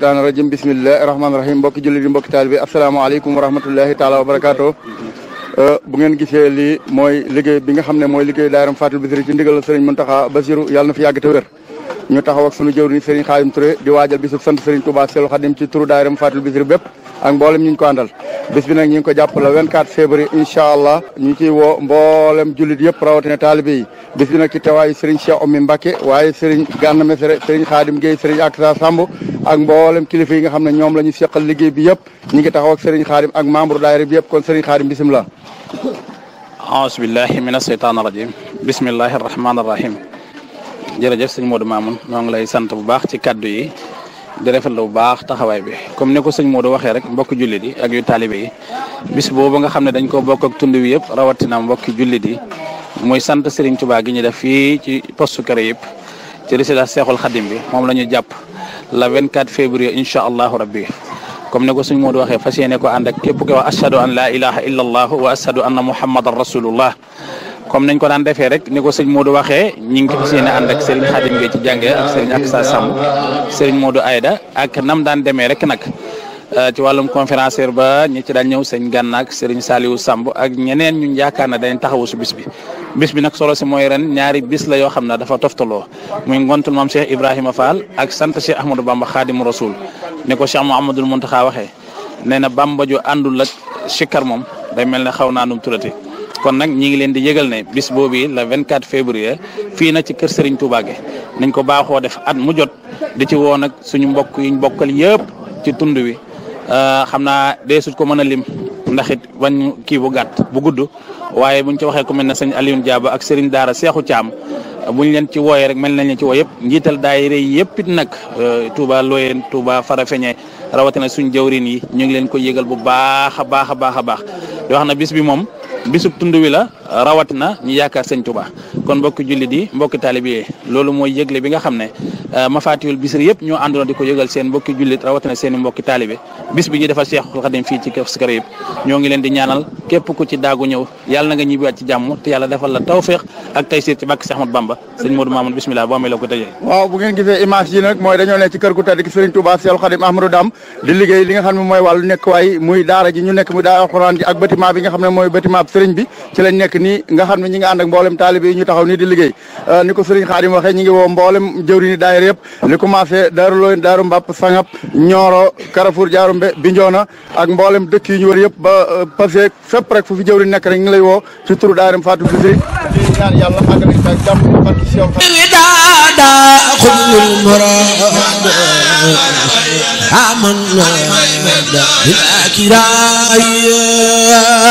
seytaani rajim bisimilah rahmaani rahim mbokki jullit yi mbokki taal bi asalaamaaleykum wa rahmatullahi taala wa barakaatu. bu ngeen gisee lii mooy liggéey bi nga xam ne mooy liggéey Daayiram Fatul Bichri ci ndigal Serigne Mountakha Bassirou yàlla na fi yàgg te wér. ñu taxaw ak sunu jëwriñ Serigne Khadim Touré di waajal bisub sant Serigne Touba Seydou Khadim ci turu Daayiram Fatul Bichri bépp ak mboolem ñu ñu bis bi nag ñu ngi ko jàpp le 24 février incha allah ñu ngi ciy woo mboolem jullit yëpp rawatina taalibe yi bis bi nag ci tawaayu Serigne Cheikh Oumy Mbacké waaye Serigne Gana Messere Serigne Khadim Gueye ak Aksa Samb ak mboolem kilifa yi nga xam ne ñoom la ñu seqal liggéey bi yëpp ñu ngi taxaw ak Serigne Khadim ak membre daayira bi yëpp kon Serigne Khadim bisimilah. aouzu billahi mina sheytaani rajim bismillahi rahmaani rahim jërëjëf sëñ Modou Mamoun ñoo ngi lay sant bu baax ci kaddu yi. di rafet la bu baax taxawaay bi comme ne ko sëñ Modou waxee rek mbokk jullit yi ak yu taalibe yi bis boobu nga xam ne dañ ko bokk ak tund yëpp rawatina mbokk jullit yi muy sant Serigne Touba gi ñu def fii ci postu kër yëpp ci résidence Seexul Xadim bi moom la ñu jàpp la 24 février incha allahu rabbi comme ne ko sëñ Modou waxee fas yéene ko ànd ak képp ko wax ashhadu an la ilaha illa allah wa ashhadu anna muhammadan rasulullah comme nañ ko daan defee rek ni ko sëñ Modou waxee ñu ngi fas yéene ànd ak Serigne Khadim Gueye ci jànge ak Serigne ak sa Samb Serigne Modou Aida ak nam daan demee rek nag euh, ci wàllum conférencier ba ñi ci daan ñëw sëñ Gànna ak Serigne Samb ak ñeneen ñu yaakaar ne dañ taxawu su bis bi. bis bi nag solo si mooy ren ñaari bis la yoo xam ne dafa toftaloo muy ngontul maam Ibrahima Fall ak sant Cheikh Ahmadou Bamba Khadim Rasoul ni ko Cheikh Mouhamadoul Mountakha waxee nee na Bamba ju àndul ak sikkar moom day mel ne xaw naa nu kon nag ñi ngi leen di yëgal ne bis boobu la 24 février fii na ci kër Serigne Touba ge nañ ko baaxoo def at mu jot di ci woo nag suñu mbokk yiñ bokkal yëpp ci tund wi euh, xam naa deesut ko mën a lim ndax it wañ kii bu gàtt bu gudd waaye buñ ci waxee ko mel na sëñ Alioune jaabo ak Serigne Daara Seexu Thiam buñ leen ci wooyee rek mel nañ leen ci woo yëpp njiital daayira yi yëpp it nag euh, Touba Loyeen Touba Farafeñe rawatina suñ jawrin yi ñu ngi leen koy yëgal bu baax a baax a baax a baax na bis bi moom bisub tund wi la rawat na ñu yaakaar sëñ Tuubaa kon mbokki jullit yi mbokki taalibe loolu mooy yëgle bi nga xam ne euh, mafaatihul bisri yëpp ñoo àndoon di ko yëgal seen mbokki jullit rawatina seen i mbokki taalibe bis bi ñu defal Seexul Xadim fii ci Kër Sikar yëpp ñoo ngi leen di ñaanal képp bismillah boo amee la ko waaw bu ngeen gisee image yi nag mooy dañoo nekk ci kër gu tedd gi Sëriñ Tuubaa Xadim Ahmadu Dam di liggéey li nga xam mooy wàllu nekk waay muy daara ji ñu nekk muy daara nii nga xam ne ñi nga ànd ak mboolem taalibe yi ñu taxaw nii di liggéey ni ko Serigne Khadim waxee ñi ngi woo mboolem jëwriñi daayira yëpp li commencé Daaru Looyin Daaru Mbàpp Sangap Ñooro Carrefour Jaarumbe Binjoona ak mboolem dëkk yi ñu wër yëpp ba passé fépp rek fu fi jëwriñ nekk rek ñu lay woo ci turu daayira Fatou Bichri di ñaan yàlla àgg nañ ak jàmm barki si yow